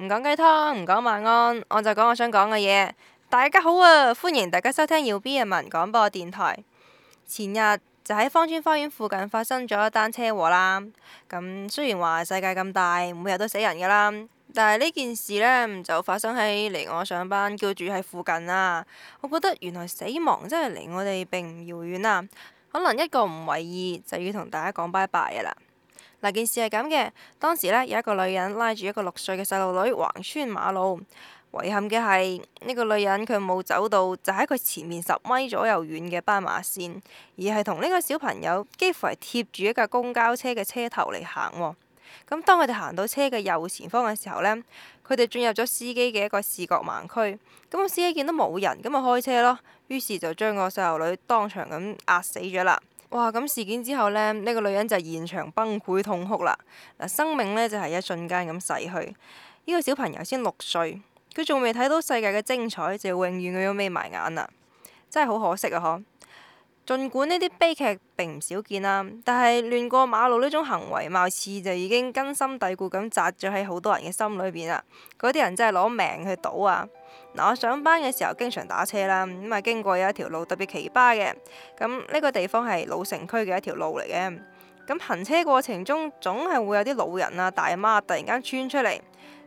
唔講雞湯，唔講晚安，我就講我想講嘅嘢。大家好啊，歡迎大家收聽要 B 人文廣播電台。前日就喺芳村花園附近發生咗一單車禍啦。咁雖然話世界咁大，每日都死人噶啦，但係呢件事呢，就發生喺離我上班叫住喺附近啊。我覺得原來死亡真係離我哋並唔遙遠啊。可能一個唔為意，就要同大家講拜拜噶啦。嗱，件事係咁嘅，當時呢，有一個女人拉住一個六歲嘅細路女橫穿馬路，遺憾嘅係呢個女人佢冇走到就喺佢前面十米左右遠嘅斑馬線，而係同呢個小朋友幾乎係貼住一架公交車嘅車頭嚟行喎。咁當佢哋行到車嘅右前方嘅時候呢，佢哋進入咗司機嘅一個視覺盲區。咁司機見到冇人，咁就開車咯，於是就將個細路女當場咁壓死咗啦。哇！咁事件之後呢，呢個女人就現場崩潰痛哭啦。嗱，生命呢，就係一瞬間咁逝去。呢個小朋友先六歲，佢仲未睇到世界嘅精彩，就永遠咁樣眯埋眼啦。真係好可惜啊！呵～儘管呢啲悲劇並唔少見啦，但係亂過馬路呢種行為，貌似就已經根深蒂固咁扎咗喺好多人嘅心裏邊啦。嗰啲人真係攞命去賭啊！嗱，我上班嘅時候經常打車啦，咁啊經過有一條路特別奇葩嘅，咁呢個地方係老城區嘅一條路嚟嘅。咁行車過程中總係會有啲老人啊、大媽突然間穿出嚟，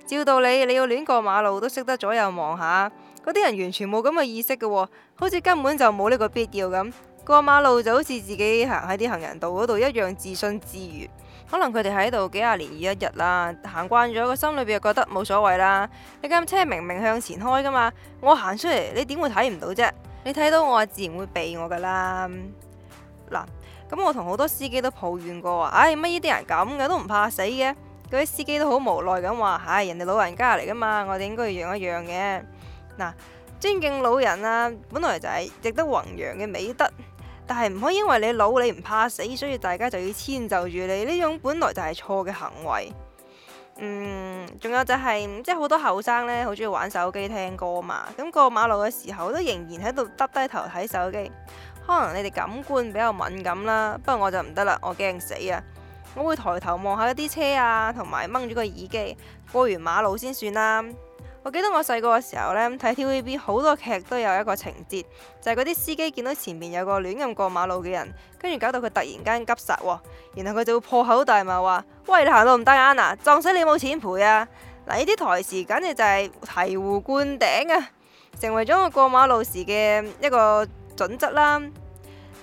照道理你，你要亂過馬路都識得左右望下，嗰啲人完全冇咁嘅意識嘅喎，好似根本就冇呢個必要咁。過馬路就好似自己行喺啲行人道嗰度一樣自信自如，可能佢哋喺度幾廿年已一日啦，行慣咗個心裏邊又覺得冇所謂啦。你架車明明向前開噶嘛，我行出嚟你點會睇唔到啫？你睇到我啊，自然會避我噶啦。嗱，咁我同好多司機都抱怨過話，唉，乜呢啲人咁嘅都唔怕死嘅？嗰啲司機都好無奈咁話，唉，人哋老人家嚟噶嘛，我哋應該要讓一讓嘅。嗱，尊敬老人啊，本來就係值得弘揚嘅美德。但係唔可以因為你老你唔怕死，所以大家就要遷就住你呢種本來就係錯嘅行為。嗯，仲有就係即係好多後生呢，好中意玩手機聽歌嘛。咁過馬路嘅時候都仍然喺度耷低頭睇手機，可能你哋感官比較敏感啦。不過我就唔得啦，我驚死啊！我會抬頭望下一啲車啊，同埋掹咗個耳機過完馬路先算啦。我記得我細個嘅時候呢，睇 TVB 好多劇都有一個情節，就係嗰啲司機見到前面有個亂咁過馬路嘅人，跟住搞到佢突然間急剎喎，然後佢就會破口大罵話：「喂，你行路唔帶眼啊！撞死你冇錢賠啊！嗱，呢啲台詞簡直就係醍醐灌頂啊！成為咗我過馬路時嘅一個準則啦。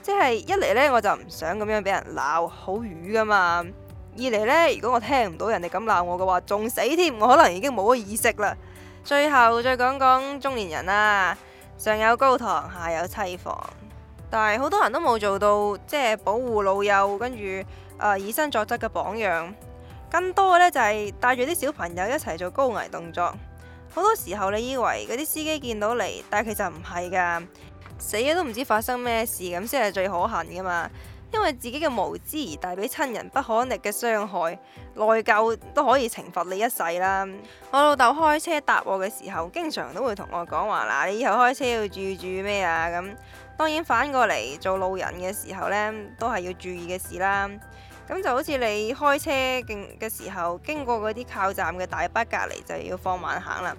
即係一嚟呢，我就唔想咁樣俾人鬧，好瘀噶嘛；二嚟呢，如果我聽唔到人哋咁鬧我嘅話，仲死添，我可能已經冇咗意識啦。最後再講講中年人啦，上有高堂，下有妻房，但係好多人都冇做到即係保護老幼，跟住、呃、以身作則嘅榜樣。更多嘅呢，就係帶住啲小朋友一齊做高危動作。好多時候你以為嗰啲司機見到你，但係其實唔係噶，死咗都唔知發生咩事咁，先係最可恨噶嘛。因為自己嘅無知而帶俾親人不可逆嘅傷害，內疚都可以懲罰你一世啦。我老豆開車搭我嘅時候，經常都會同我講話嗱，你以後開車要注意注意咩啊咁。當然反過嚟做路人嘅時候呢，都係要注意嘅事啦。咁就好似你開車嘅時候，經過嗰啲靠站嘅大巴隔離，就要放慢行啦，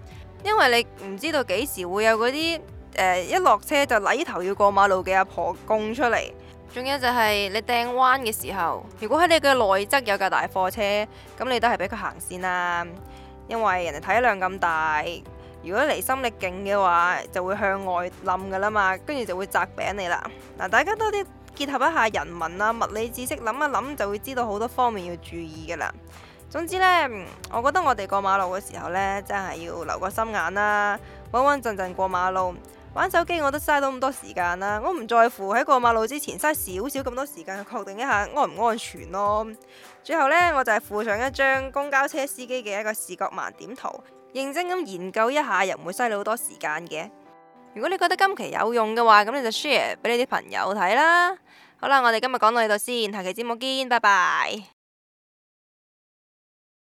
因為你唔知道幾時會有嗰啲誒一落車就禮頭要過馬路嘅阿婆供出嚟。仲有就係你掟彎嘅時候，如果喺你嘅內側有架大貨車，咁你都係俾佢行先啦。因為人哋體量咁大，如果離心力勁嘅話，就會向外冧噶啦嘛，跟住就會砸餅你啦。嗱，大家多啲結合一下人文啊物理知識，諗一諗就會知道好多方面要注意噶啦。總之呢，我覺得我哋過馬路嘅時候呢，真係要留個心眼啦，穩穩陣陣過馬路。玩手機我都嘥到咁多時間啦，我唔在乎喺過馬路之前嘥少少咁多時間去確定一下安唔安全咯。最後呢，我就係附上一張公交車司機嘅一個視覺盲點圖，認真咁研究一下又唔會嘥你好多時間嘅。如果你覺得今期有用嘅話，咁你就 share 俾你啲朋友睇啦。好啦，我哋今日講到呢度先，下期節目見，拜拜。